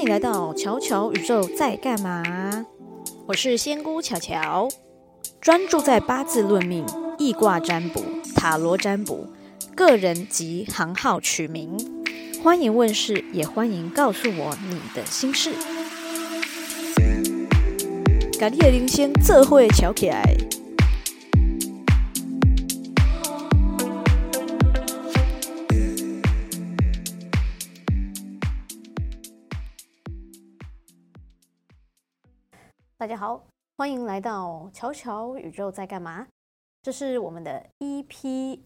歡迎來到巧巧宇宙在幹嘛？我是仙姑巧巧，專注在八字論命、易卦占卜、塔羅占卜、個人及行號取名。歡迎問事，也歡迎告訴我你的心事。把你的先聲做伙敲起來。大家好，歡迎來到《瞧瞧宇宙在幹嘛》，這是我們的 EP2。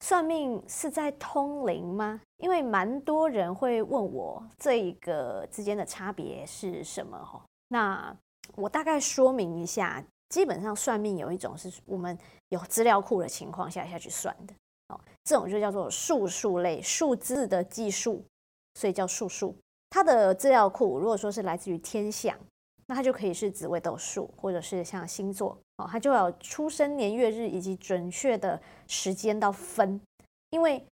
算命是在通靈嗎？因為蠻多人會問我這一個之間的差別是什麼哈。那我大概說明一下，基本上算命有一種是我們有資料庫的情況下下去算的哦，這種就叫做數數類數字的技術，所以叫數數。它的資料庫如果說是來自於天象。那它就可以是紫微斗數，或者是像星座哦，它就要出生年月日以及準確的時間到分，因為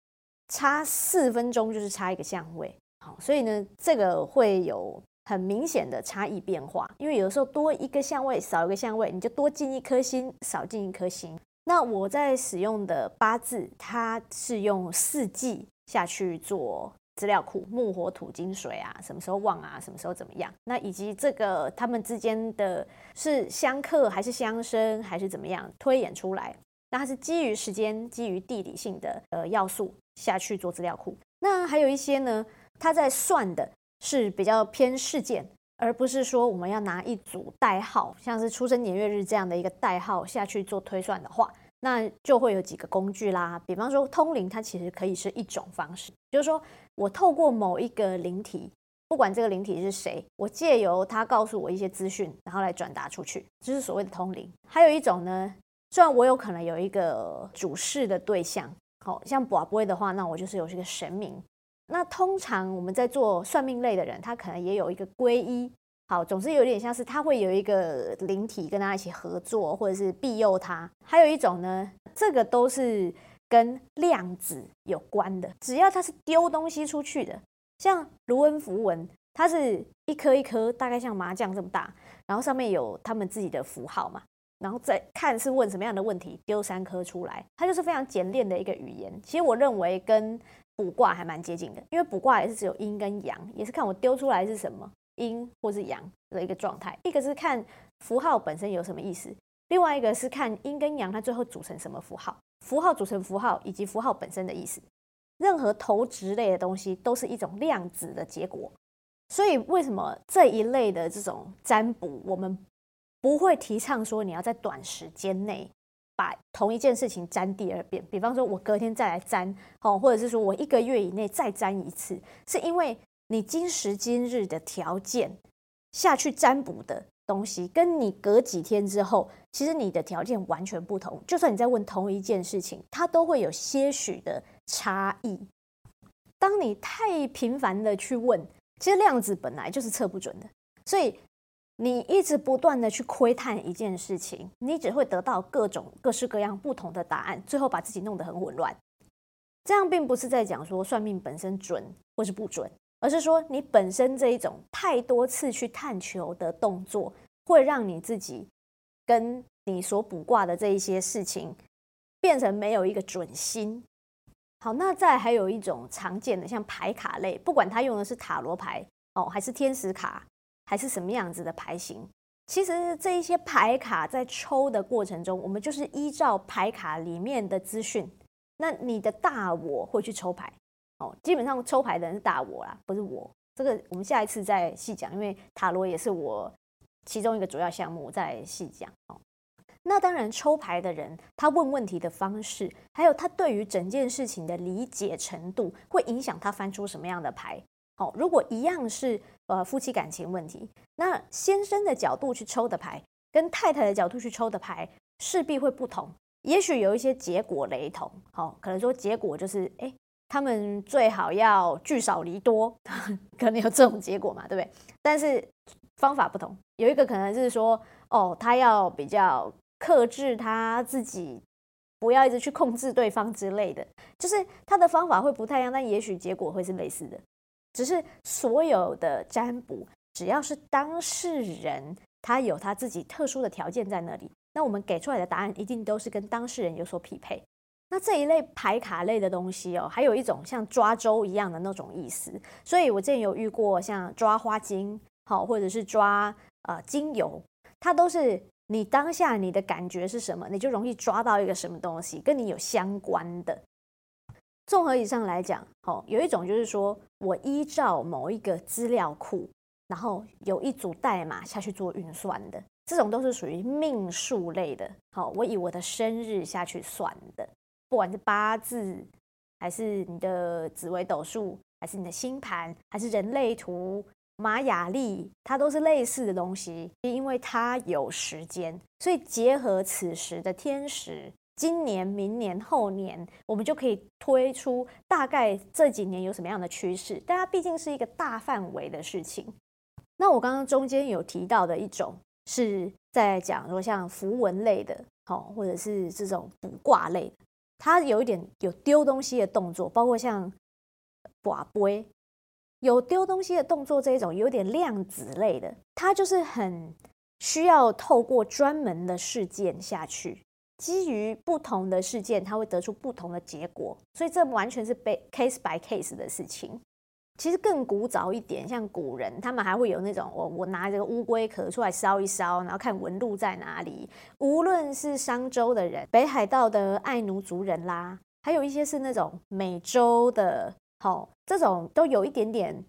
差四分鐘就是差一個相位，哦，所以呢，這個會有很明顯的差異變化，因為有時候多一個相位，少一個相位，你就多進一顆星，少進一顆星。那我在使用的八字，它是用四季下去做。資料庫，木火土金水啊，什麼時候旺啊，什麼時候怎麼樣？那以及這個他們之間的是相克還是相生還是怎麼樣推演出來？那它是基於時間、基於地理性的呃要素下去做資料庫。那還有一些呢，他在算的是比較偏事件，而不是說我們要拿一組代號，像是出生年月日這樣的一個代號下去做推算的話。那就會有幾個工具啦，比方說通靈，它其實可以是一種方式，就是說我透過某一個靈體，不管這個靈體是誰，我借由他告訴我一些資訊，然後來轉達出去，就是所謂的通靈。還有一種呢，雖然我有可能有一個主事的對象，好，哦，像卜卦的話，那我就是有一個神明。那通常我們在做算命類的人，他可能也有一個皈依。好，總是有點像是他會有一個靈體跟他一起合作，或者是庇佑他。還有一種呢，這個都是跟量子有關的。只要他是丟東西出去的，像盧恩符文，它是一顆一顆，大概像麻將這麼大，然後上面有他們自己的符號嘛，然後再看是問什麼樣的問題，丟三顆出來，它就是非常簡練的一個語言。其實我認為跟卜卦還蠻接近的，因為卜卦也是只有陰跟陽，也是看我丟出來是什麼。陰或是陽的一個狀態，一個是看符號本身有什麼意思，另外一個是看陰跟陽它最後組成什麼符號，符號組成符號以及符號本身的意思。任何投擲類的東西都是一種量子的結果，所以為什麼這一類的這種占卜，我們不會提倡說你要在短時間內把同一件事情占第二遍，比方說我隔天再來占，或者是說我一個月以內再占一次，是因為。你今時今日的條件下去占卜的東西，跟你隔幾天之後，其實你的條件完全不同。就算你在問同一件事情，它都會有些許的差異。當你太頻繁的去問，其實量子本來就是測不準的，所以你一直不斷的去窺探一件事情，你只會得到各種各式各樣不同的答案，最後把自己弄得很混亂。這樣並不是在講說算命本身準或是不準。而是說，你本身這一種太多次去探求的動作，會讓你自己跟你所卜卦的這一些事情，變成沒有一個準心。好，那再還有一種常見的，像牌卡類，不管他用的是塔羅牌哦，還是天使卡，還是什麼樣子的牌型，其實這一些牌卡在抽的過程中，我們就是依照牌卡裡面的資訊，那你的大我會去抽牌。哦、基本上抽牌的人是大我啦，不是我。這個我們下一次再細講，因為塔羅也是我其中一個主要項目，我再細講。哦，那當然，抽牌的人他問問題的方式，還有他對於整件事情的理解程度，會影響他翻出什麼樣的牌。好、哦，如果一樣是呃夫妻感情問題，那先生的角度去抽的牌，跟太太的角度去抽的牌勢必會不同。也許有一些結果雷同，好、哦，可能說結果就是哎。欸他們最好要聚少離多，可能有這種結果嘛，對不對？但是方法不同，有一個可能就是說，哦，他要比較克制他自己，不要一直去控制對方之類的，就是他的方法會不太一樣，但也許結果會是類似的。只是所有的占卜，只要是當事人，他有他自己特殊的條件在那裡，那我們給出來的答案一定都是跟當事人有所匹配。那這一類排卡類的東西哦，還有一種像抓周一樣的那種意思，所以我之前有遇過像抓花精，好或者是抓呃精油，它，都是你當下你的感覺是什麼，你就容易抓到一個什麼東西跟你有相關的。綜合以上來講，好、哦，有一種就是說我依照某一個資料庫，然後有一組代碼下去做運算的，這種都是屬於命數類的。好、哦，我以我的生日下去算的。不管是八字，還是你的紫微斗數，還是你的星盤，還是人類圖、瑪雅曆，它都是類似的東西，因為它有時間，所以結合此時的天時，今年、明年、後年，我們就可以推出大概這幾年有什麼樣的趨勢。但它畢竟是一個大範圍的事情。那我剛剛中間有提到的一種，是在講說像符文類的，好，或者是這種卜卦類的。它有一點有丟東西的動作，包括像跋杯有丟東西的動作這一種，有點量子類的。它就是很需要透過專門的事件下去，基於不同的事件，它會得出不同的結果。所以這完全是被 case by case 的事情。其實更古早一點，像古人他們還會有那種我我拿這個烏龜殼出來燒一燒，然後看紋路在哪裡。無論是商周的人，北海道的愛奴族人啦，還有一些是那種美洲的，好、哦，這種都有一點點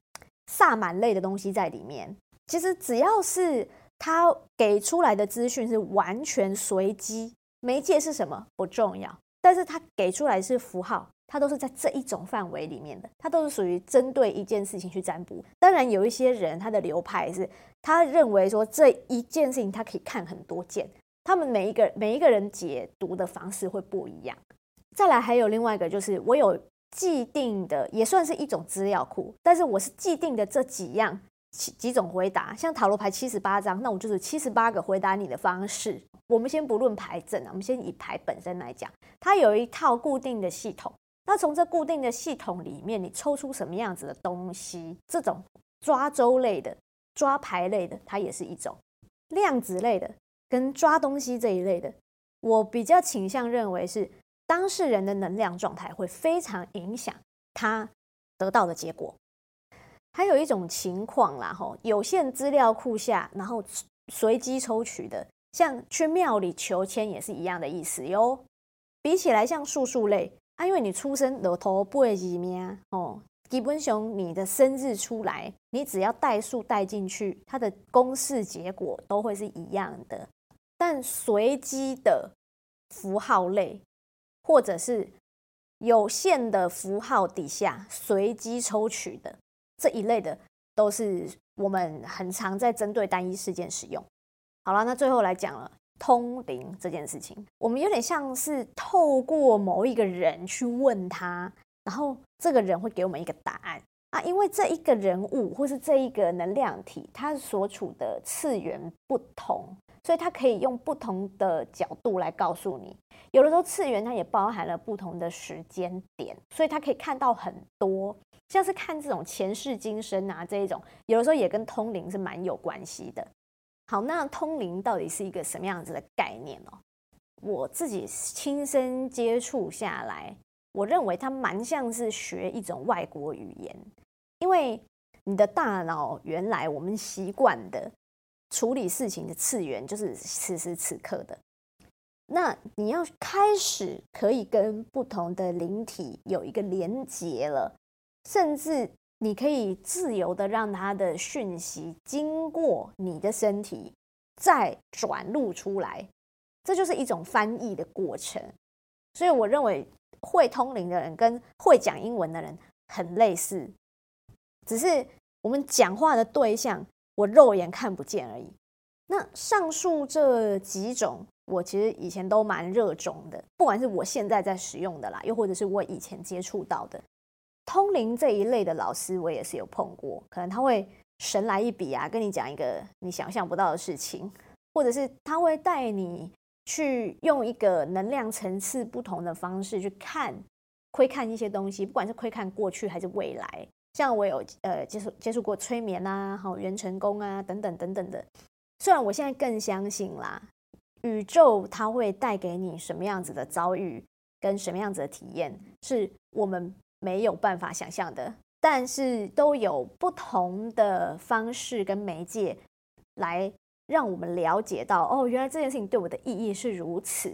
薩滿類的東西在裡面。其實只要是他給出來的資訊是完全隨機，媒介是什麼不重要，但是他給出來是符號。它都是在這一種範圍裡面的，它都是屬於針對一件事情去占卜。當然，有一些人他的流派是，他認為說這一件事情他可以看很多件，他們每一個每一個人解讀的方式會不一樣。再來，還有另外一個就是，我有既定的，也算是一種資料庫，但是我是既定的這幾樣，幾幾種回答，像塔羅牌七十八張，那我就是七十八個回答你的方式。我們先不論牌陣啊，我們先以牌本身來講，它有一套固定的系統。那從這固定的系統裡面，你抽出什麼樣子的東西？這種抓周類的、抓牌類的，它也是一種量子類的，跟抓東西這一類的。我比較傾向認為是當事人的能量狀態會非常影響他得到的結果。還有一種情況啦，吼，有限資料庫下，然後隨機抽取的，像去廟裡求籤也是一樣的意思喲。比起來，像術數類。啊，因為你出生的頭八字秒哦，基本上你的生日出來，你只要代數帶進去，它的公式結果都會是一樣的。但隨機的符號類，或者是有限的符號底下隨機抽取的這一類的，都是我們很常在針對單一事件使用。好了，那最後來講了，通靈這件事情，我們有點像是透過某一個人去問他，然後這個人會給我們一個答案啊。因為這一個人物或是這一個能量體，他所處的次元不同，所以他可以用不同的角度來告訴你。有的時候次元它也包含了不同的時間點，所以他可以看到很多，像是看這種前世今生啊，這一種，有的時候也跟通靈是蠻有關係的。好，那通靈到底是一個什麼樣子的概念哦？我自己親身接觸下來，我認為它蠻像是學一種外國語言，因為你的大腦原來我們習慣的處理事情的次元就是此時此刻的，那你要開始可以跟不同的靈體有一個連接了，甚至。你可以自由的讓他的訊息經過你的身體，再轉錄出來，這就是一種翻譯的過程。所以我認為會通靈的人跟會講英文的人很類似，只是我們講話的對象我肉眼看不見而已。那上述這幾種，我其實以前都蠻熱衷的，不管是我現在在使用的啦，又或者是我以前接觸到的。通靈這一類的老師，我也是有碰過，可能他會神來一筆啊，跟你講一個你想象不到的事情，或者是他會帶你去用一個能量層次不同的方式去看，窺看一些東西，不管是窺看過去還是未來。像我有呃接觸接觸過催眠啊、好、哦、元成功啊等等等等的。雖然我現在更相信啦，宇宙它會帶給你什麼樣子的遭遇跟什麼樣子的體驗，是我們沒有辦法想象的，但是都有不同的方式跟媒介來讓我們了解到，哦，原來這件事情對我的意義是如此。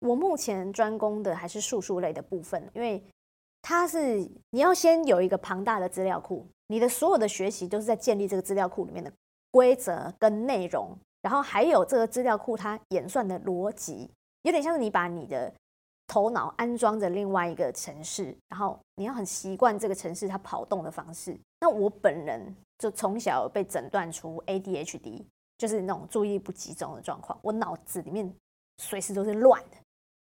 我目前專攻的還是數數類的部分，因為它是你要先有一個龐大的資料庫，你的所有的學習都是在建立這個資料庫裡面的規則跟內容，然後還有這個資料庫它演算的邏輯，有點像是你把你的。頭腦安裝着另外一個城市，然後你要很習慣這個城市它跑動的方式。那我本人就從小有被診斷出 ADHD，就是那種注意力不集中的狀況。我腦子裡面隨時都是亂的，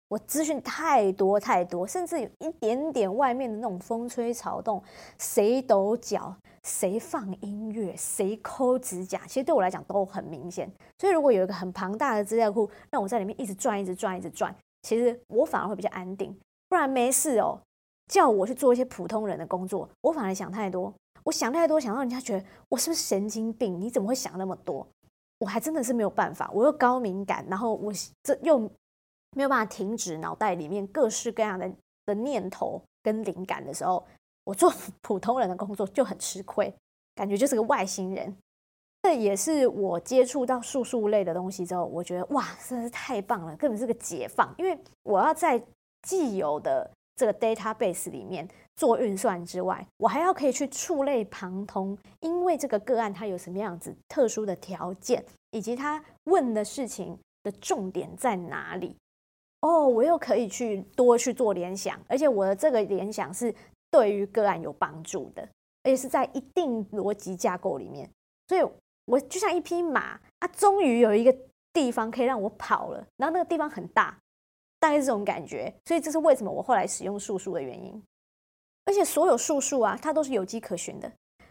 我資訊太多太多，甚至有一點點外面的那種風吹草動，誰抖腳，誰放音樂，誰摳指甲，其實對我來講都很明顯。所以如果有一個很龐大的資料庫，讓我在裡面一直轉，一直轉，一直轉。其實我反而會比較安定，不然沒事哦，叫我去做一些普通人的工作，我反而想太多。我想太多，想到人家覺得我是不是神經病？你怎麼會想那麼多？我還真的是沒有辦法，我又高敏感，然後我這又沒有辦法停止腦袋裡面各式各樣的的念頭跟靈感的時候，我做普通人的工作就很吃虧，感覺就是個外星人。這也是我接觸到術數類的東西之後，我覺得哇，真的是太棒了，根本是個解放。因為我要在既有的這個 database 裡面做運算之外，我還要可以去觸類旁通。因為這個個案它有什麼樣子特殊的條件，以及他問的事情的重點在哪裡？哦，我又可以去多去做聯想，而且我的這個聯想是對於個案有幫助的，而且是在一定邏輯架構裡面，所以。我就像一匹馬，啊，終於有一個地方可以讓我跑了，然後那個地方很大，大概是這種感覺。所以這是為什麼我後來使用術數的原因。而且所有術數啊，它都是有跡可循的。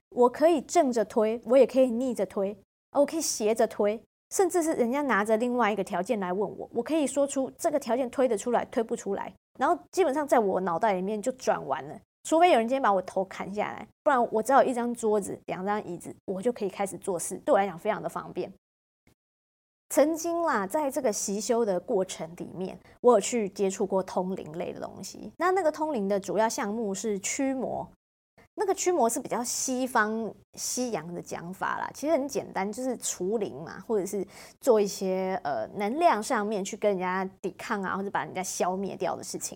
我可以正着推，我也可以逆着推，我可以斜着推，甚至是人家拿着另外一個條件來問我，我可以說出這個條件推得出來，推不出來。然後基本上在我腦袋裡面就轉完了。除非有人今天把我頭砍下來，不然我只要一張桌子、兩張椅子，我就可以開始做事。對我來講非常的方便。曾經啦，在這個習修的過程裡面，我有去接觸過通靈類的東西。那那個通靈的主要項目是驅魔，那個驅魔是比較西方西洋的講法啦。其實很簡單，就是除靈嘛，或者是做一些呃能量上面去跟人家抵抗啊，或者把人家消滅掉的事情。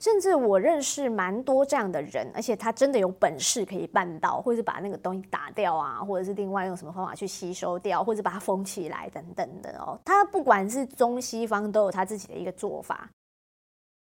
甚至我認識蠻多這樣的人，而且他真的有本事可以辦到，或是把那個東西打掉啊，或者是另外用什麼方法去吸收掉，或者把它封起來等等的哦。他不管是中西方都有他自己的一個做法。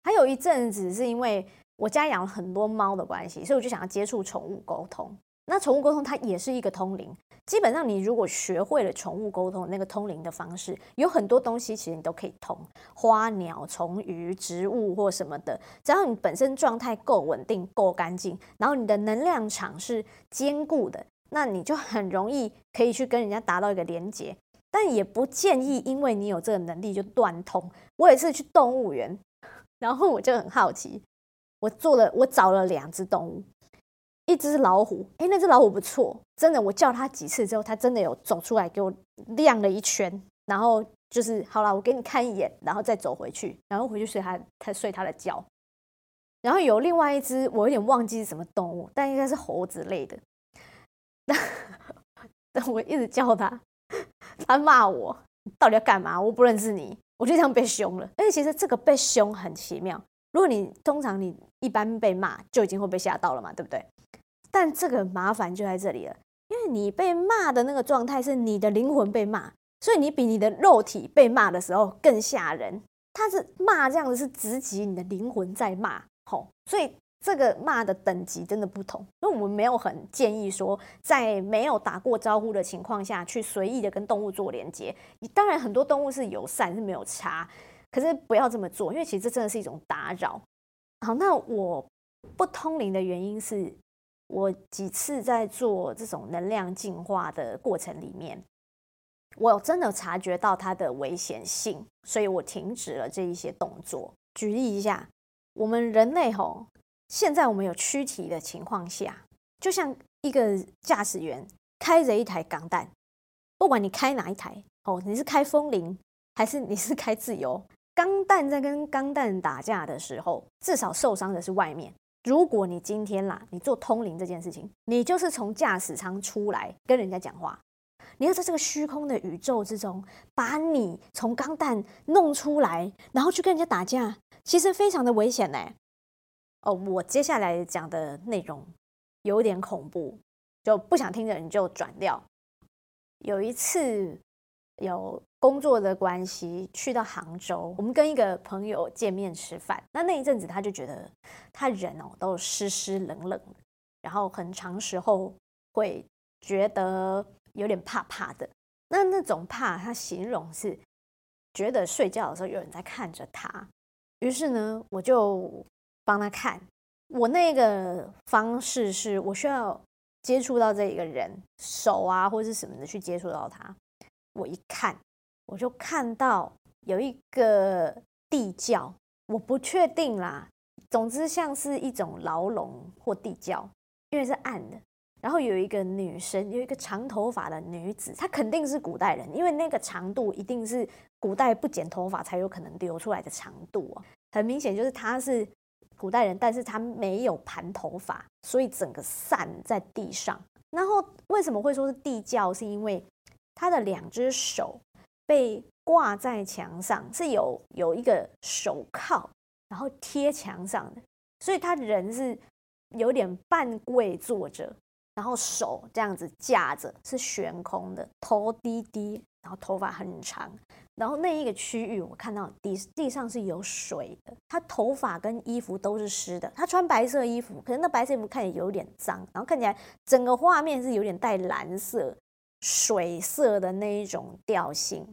還有一陣子是因為我家養了很多貓的關係，所以我就想要接觸寵物溝通。那寵物溝通它也是一個通靈，基本上你如果學會了寵物溝通那個通靈的方式，有很多東西其實你都可以通，花鳥蟲魚、植物或什麼的，只要你本身狀態夠穩定、夠乾淨，然後你的能量場是堅固的，那你就很容易可以去跟人家達到一個連接。但也不建議因為你有這個能力就斷通。我也是去動物園，然後我就很好奇，我做了，我找了兩只動物。一只老虎，哎、欸，那只老虎不錯，真的，我叫它幾次之後，它真的有走出來給我亮了一圈，然後就是好了，我給你看一眼，然後再走回去，然後回去睡它，它睡它的覺。然後有另外一只，我有點忘記是什麼動物，但應該是猴子類的。但 但我一直叫它，它罵我，到底要幹嘛？我不認識你，我就這樣被凶了。哎、欸，其實這個被凶很奇妙，如果你通常你一般被罵，就已經會被嚇到了嘛，對不對？但這個麻煩就在這裡了，因為你被罵的那個狀態是你的靈魂被罵，所以你比你的肉體被罵的時候更嚇人。他是罵這樣子是直擊你的靈魂在罵，吼，所以這個罵的等級真的不同。因為我們沒有很建議說，在沒有打過招呼的情況下去隨意的跟動物做連接。你當然，很多動物是友善是沒有差，可是不要這麼做，因為其實這真的是一種打擾。好，那我不通靈的原因是。我幾次在做這種能量淨化的過程裡面，我真的察覺到它的危險性，所以我停止了這一些動作。舉例一下，我們人類吼，現在我們有軀體的情況下，就像一個駕駛員開着一台鋼彈，不管你開哪一台哦，你是開風鈴還是你是開自由鋼彈，在跟鋼彈打架的時候，至少受傷的是外面。如果你今天啦，你做通靈這件事情，你就是從駕駛艙出來跟人家講話，你要在這個虛空的宇宙之中把你從鋼彈弄出來，然後去跟人家打架，其實非常的危險呢、欸。哦，我接下來講的內容有點恐怖，就不想聽的人就轉掉。有一次。有工作的關係，去到杭州，我們跟一個朋友見面吃飯。那那一陣子，他就覺得他人哦都濕濕冷冷，然後很長時候會覺得有點怕怕的。那那種怕，他形容是覺得睡覺的時候有人在看着他。於是呢，我就幫他看。我那個方式是我需要接觸到這一個人，手啊或是什麼的去接觸到他。我一看，我就看到有一個地窖，我不確定啦。總之像是一種牢籠或地窖，因為是暗的。然後有一個女生，有一個長頭髮的女子，她肯定是古代人，因為那個長度一定是古代不剪頭髮才有可能留出來的長度喔。很明顯就是她是古代人，但是她沒有盤頭髮，所以整個散在地上。然後為什麼會說是地窖？是因為他的兩隻手被掛在牆上，是有有一個手銬，然後貼牆上的，所以他人是有點半跪坐着，然後手這樣子架着，是懸空的，頭低低，然後頭髮很長，然後那一個區域我看到地地上是有水的，他頭髮跟衣服都是濕的，他穿白色衣服，可是那白色衣服看起來有點髒，然後看起來整個畫面是有點帶藍色。水色的那一種調性，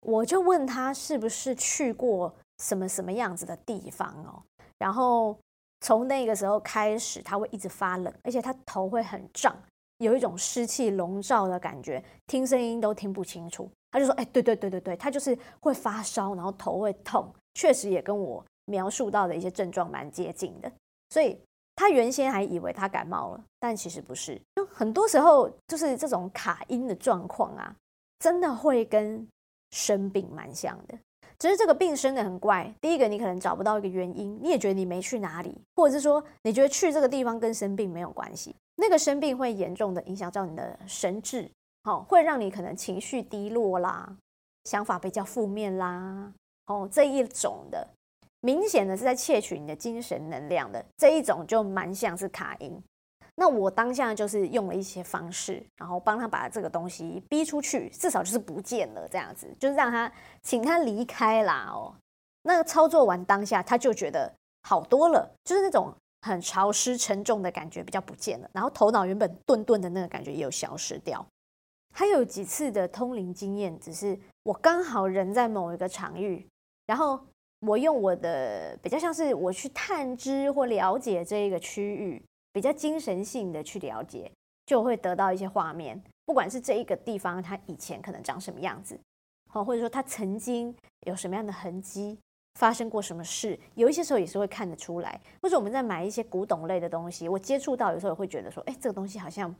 我就問他是不是去過什麼什麼樣子的地方哦，然後從那個時候開始，他會一直發冷，而且他頭會很脹，有一種濕氣籠罩的感覺，聽聲音都聽不清楚。他就說：“哎，對對對對對，他就是會發燒，然後頭會痛。”確實也跟我描述到的一些症狀蠻接近的。所以。他原先還以為他感冒了，但其實不是。很多時候就是這種卡陰的狀況啊，真的會跟生病蠻像的。只是這個病生的很怪，第一個你可能找不到一個原因，你也覺得你沒去哪裡，或者是說你覺得去這個地方跟生病沒有關係。那個生病會嚴重的影響到你的神智，好、哦，會讓你可能情緒低落啦，想法比較負面啦，哦這一種的。明顯的是在竊取你的精神能量的這一種，就蠻像是卡陰。那我當下就是用了一些方式，然後幫他把這個東西逼出去，至少就是不見了這樣子，就是讓他請他離開啦，哦、喔。那個操作完當下，他就覺得好多了，就是那種很潮濕沉重的感覺比較不見了，然後頭腦原本鈍鈍的那個感覺也有消失掉。還有幾次的通靈經驗，只是我剛好人在某一個場域，然後。我用我的，比較像是我去探知或了解這一個區域，比較精神性的去了解，就會得到一些畫面。不管是這一個地方它以前可能長什麼樣子，好，或者說它曾經有什麼樣的痕跡，發生過什麼事，有一些時候也是會看得出來。或者我們在買一些古董類的東西，我接觸到有時候也會覺得說，哎、欸，這個東西好像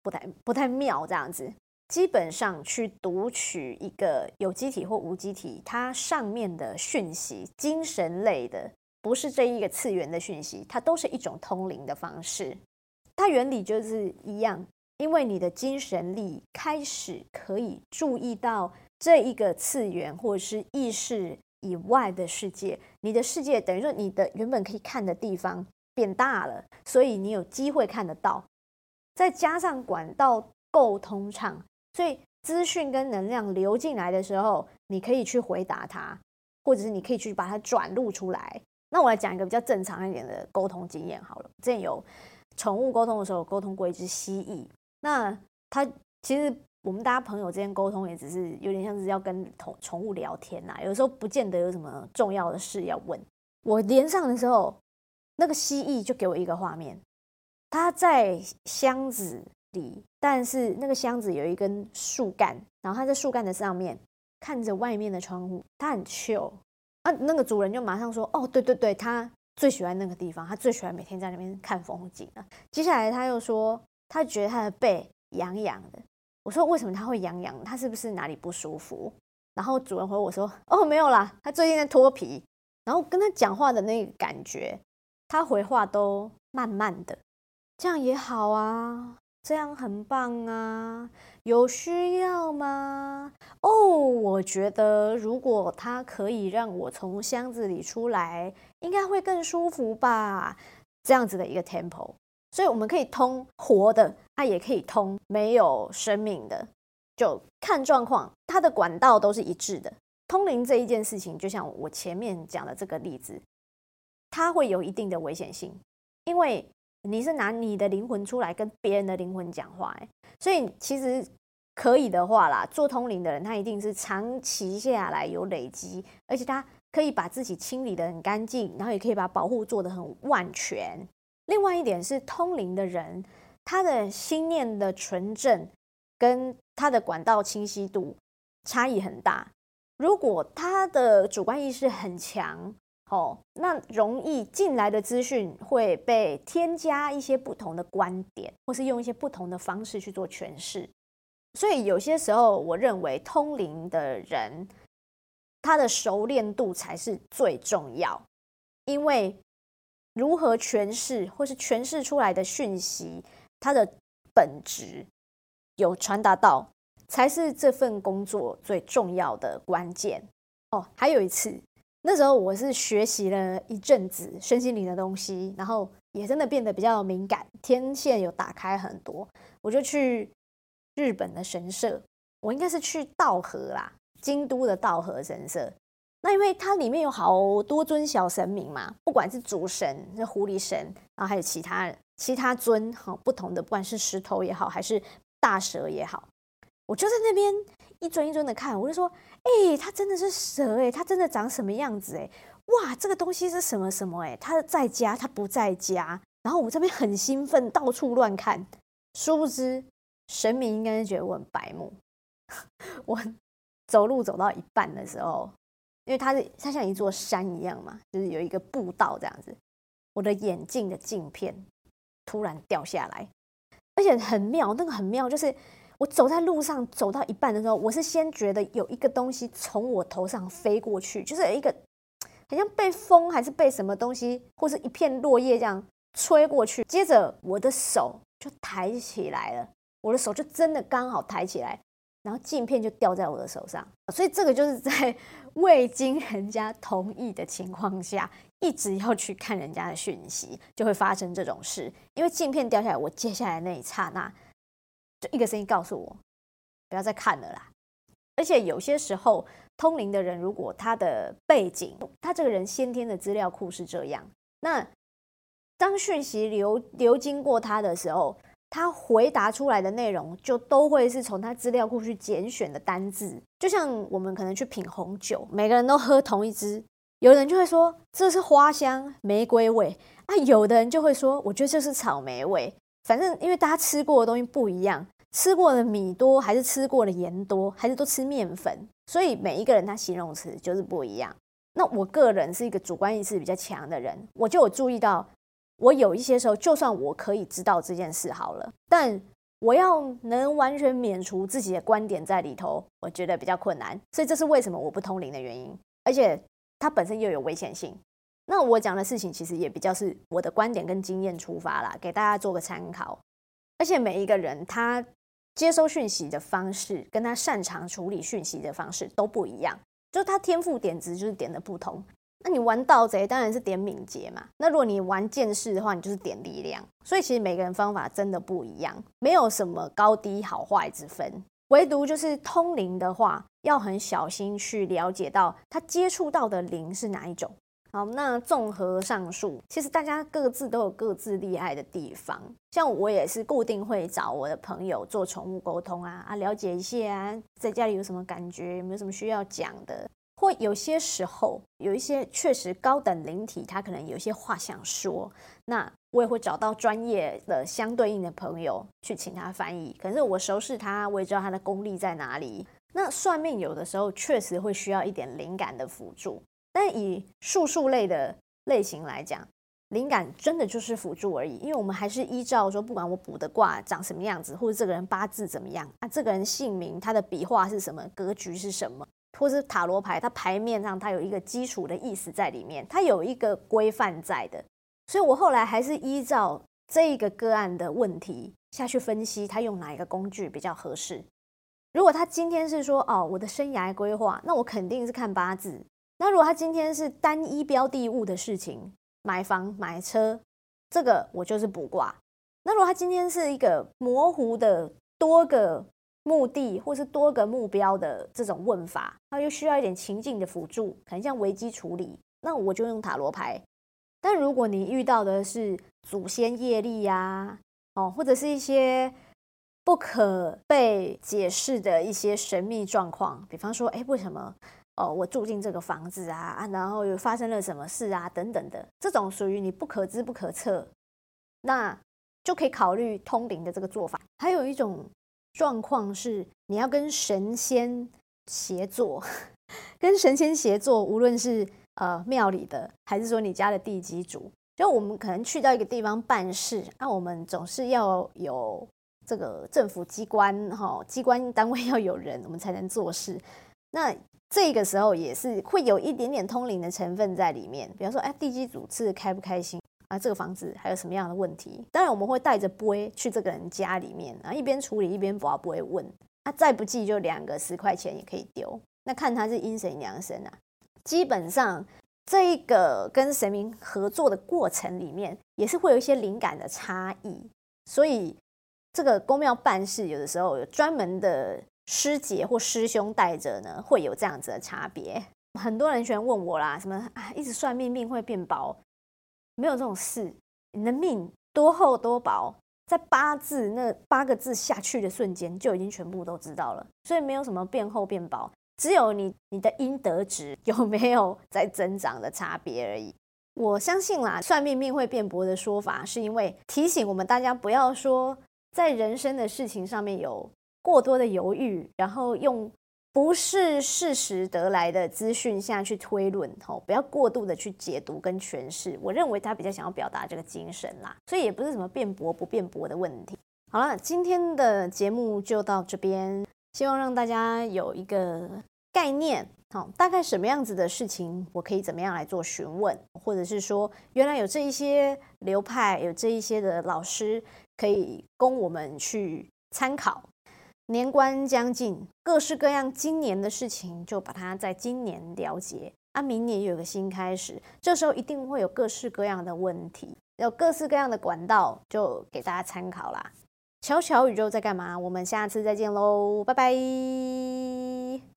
不太不太妙這樣子。基本上去讀取一個有機體或無機體它上面的訊息，精神類的不是這一個次元的訊息，它都是一種通靈的方式。它原理就是一樣，因為你的精神力開始可以注意到這一個次元或者是意識以外的世界，你的世界等於說你的原本可以看的地方變大了，所以你有機會看得到。再加上管道夠通暢。所以資訊跟能量流進來的時候，你可以去回答它，或者是你可以去把它轉錄出來。那我來講一個比較正常一點的溝通經驗好了。之前有寵物溝通的時候，有溝通過一隻蜥蜴。那它其實我們大家朋友之間溝通，也只是有點像是要跟寵寵物聊天吶、啊。有時候不見得有什麼重要的事要問。我連上的時候，那個蜥蜴就給我一個畫面，它在箱子。但是那個箱子有一根樹幹，然後他在樹幹的上面看着外面的窗戶，它很 chill。啊，那個主人就馬上說：“哦，對對對，他最喜歡那個地方，他最喜歡每天在那邊看風景啊。接下來他又說：“他覺得他的背癢癢的。”我說：“為什麼他會癢癢？他是不是哪裡不舒服？”然後主人回我說：“哦，沒有啦，他最近在脫皮。”然後跟他講話的那個感覺，他回話都慢慢的，這樣也好啊。這樣很棒啊！有需要嗎？哦、oh，我覺得如果它可以讓我從箱子裡出來，應該會更舒服吧。這樣子的一個 temple，所以我們可以通活的，它、啊、也可以通沒有生命的，就看狀況。它的管道都是一致的。通靈這一件事情，就像我前面講的這個例子，它會有一定的危險性，因為。你是拿你的靈魂出來跟別人的靈魂講話，欸，所以其實可以的話啦，做通靈的人他一定是長期下來有累積，而且他可以把自己清理得很乾淨，然後也可以把保護做得很萬全。另外一點是，通靈的人他的心念的純正跟他的管道清晰度差異很大。如果他的主觀意識很強，哦，那容易進來的資訊會被添加一些不同的觀點，或是用一些不同的方式去做詮釋。所以有些時候，我認為通靈的人他的熟練度才是最重要，因為如何詮釋或是詮釋出來的訊息，它的本質有傳達到，才是這份工作最重要的關鍵。哦，還有一次。那時候我是學習了一陣子身心靈的東西，然後也真的變得比較敏感，天線有打開很多。我就去日本的神社，我應該是去道河啦，京都的道河神社。那因為它裡面有好多尊小神明嘛，不管是主神、是狐狸神，然後還有其他其他尊不同的，不管是石頭也好，還是大蛇也好，我就在那邊一尊一尊的看，我就說：“欸，它真的是蛇欸，它真的長什麼樣子欸？哇，這個東西是什麼什麼欸？它在家，它不在家。然後我這邊很興奮，到處亂看。殊不知，神明應該是覺得我很白目。 我走路走到一半的時候，因為它是它像一座山一樣嘛，就是有一個步道這樣子。我的眼鏡的鏡片突然掉下來，而且很妙，那個很妙，就是。”我走在路上，走到一半的時候，我是先覺得有一個東西從我頭上飛過去，就是有一個，好像被風還是被什麼東西，或是一片落葉這樣吹過去。接着我的手就抬起來了，我的手就真的剛好抬起來，然後鏡片就掉在我的手上。所以這個就是在未經人家同意的情況下，一直要去看人家的訊息，就會發生這種事。因為鏡片掉下來，我接下來那一剎那。就一個聲音告訴我，不要再看了啦。而且有些時候，通靈的人如果他的背景，他這個人先天的資料庫是這樣，那當訊息流流經過他的時候，他回答出來的內容就都會是從他資料庫去揀選的單字。就像我們可能去品紅酒，每個人都喝同一支，有的人就會說這是花香玫瑰味啊，有的人就會說我覺得這是草莓味。反正，因為大家吃過的東西不一樣，吃過的米多，還是吃過的鹽多，還是都吃麵粉，所以每一個人他形容詞就是不一樣。那我個人是一個主觀意識比較強的人，我就有注意到，我有一些時候，就算我可以知道這件事好了，但我要能完全免除自己的觀點在裡頭，我覺得比較困難。所以這是為什麼我不通靈的原因，而且它本身又有危險性。那我講的事情其實也比較是我的觀點跟經驗出發啦，給大家做個參考。而且每一個人他接收訊息的方式，跟他擅長處理訊息的方式都不一樣，就是他天賦點子就是點的不同。那你玩盜賊當然是點敏捷嘛，那如果你玩劍士的話，你就是點力量。所以其實每個人方法真的不一樣，沒有什麼高低好壞之分，唯獨就是通靈的話，要很小心去了解到他接觸到的靈是哪一種。好，那綜合上述，其實大家各自都有各自厲害的地方。像我也是固定會找我的朋友做寵物溝通啊啊，了解一下啊，在家裡有什麼感覺，有沒有什麼需要講的？或有些時候有一些確實高等靈體，他可能有些話想說，那我也會找到專業的相對應的朋友去請他翻譯。可是我熟識他，我也知道他的功力在哪裡。那算命有的時候確實會需要一點靈感的輔助。但以術數類的類型來講，靈感真的就是輔助而已，因為我們還是依照說，不管我卜的卦長什麼樣子，或者這個人八字怎麼樣，啊，這個人姓名他的筆畫是什麼，格局是什麼，或是塔羅牌，它牌面上它有一個基礎的意思在裡面，它有一個規範在的。所以我後來還是依照這一個個案的問題下去分析，他用哪一個工具比較合適。如果他今天是說，哦，我的生涯規劃，那我肯定是看八字。那如果他今天是單一標的物的事情，買房、買車，這個我就是卜卦。那如果他今天是一個模糊的多個目的，或是多個目標的這種問法，他又需要一點情境的輔助，可能像危機處理，那我就用塔羅牌。但如果你遇到的是祖先業力呀、啊，哦，或者是一些不可被解釋的一些神秘狀況，比方說，哎，為什麼？哦，我住進這個房子啊，啊，然後又發生了什麼事啊？等等的，這種屬於你不可知不可測，那就可以考慮通靈的這個做法。還有一種狀況是，你要跟神仙協作，呵呵跟神仙協作，無論是呃廟裡的，還是說你家的地基主，就我們可能去到一個地方辦事，那我們總是要有這個政府機關哈、哦，機關單位要有人，我們才能做事。那這個時候也是會有一點點通靈的成分在裡面，比方說，哎，地基主織開不開心啊？這個房子還有什麼樣的問題？當然，我們會帶着杯去這個人家裡面啊，然後一邊處理一邊跋杯問啊。再不濟就兩個十塊錢也可以丟，那看他是陰神陽神啊。基本上，這個跟神明合作的過程裡面也是會有一些靈感的差異，所以這個宮廟辦事有的時候有專門的。師姐或師兄帶着呢，會有這樣子的差別。很多人喜歡問我啦，什麼啊，一直算命命會變薄，沒有這種事。你的命多厚多薄，在八字那八個字下去的瞬間就已經全部都知道了，所以沒有什麼變厚變薄，只有你你的陰德值有沒有在增長的差別而已。我相信啦，算命命會變薄的說法，是因為提醒我們大家不要說在人生的事情上面有過多的猶豫，然後用不是事實得來的資訊下去推論，吼、哦，不要過度的去解讀跟詮釋。我認為他比較想要表達這個精神啦，所以也不是什麼變薄不變薄的問題。好了，今天的節目就到這邊，希望讓大家有一個概念，好、哦，大概什麼樣子的事情，我可以怎麼樣來做詢問，或者是說，原來有這一些流派，有這一些的老師可以供我們去參考。年關將近，各式各樣今年的事情就把它在今年了結，那、啊、明年也有個新開始，這時候一定會有各式各樣的問題，有各式各樣的管道，就給大家參考啦。瞧瞧宇宙在幹嘛？我們下次再見嘍，拜拜。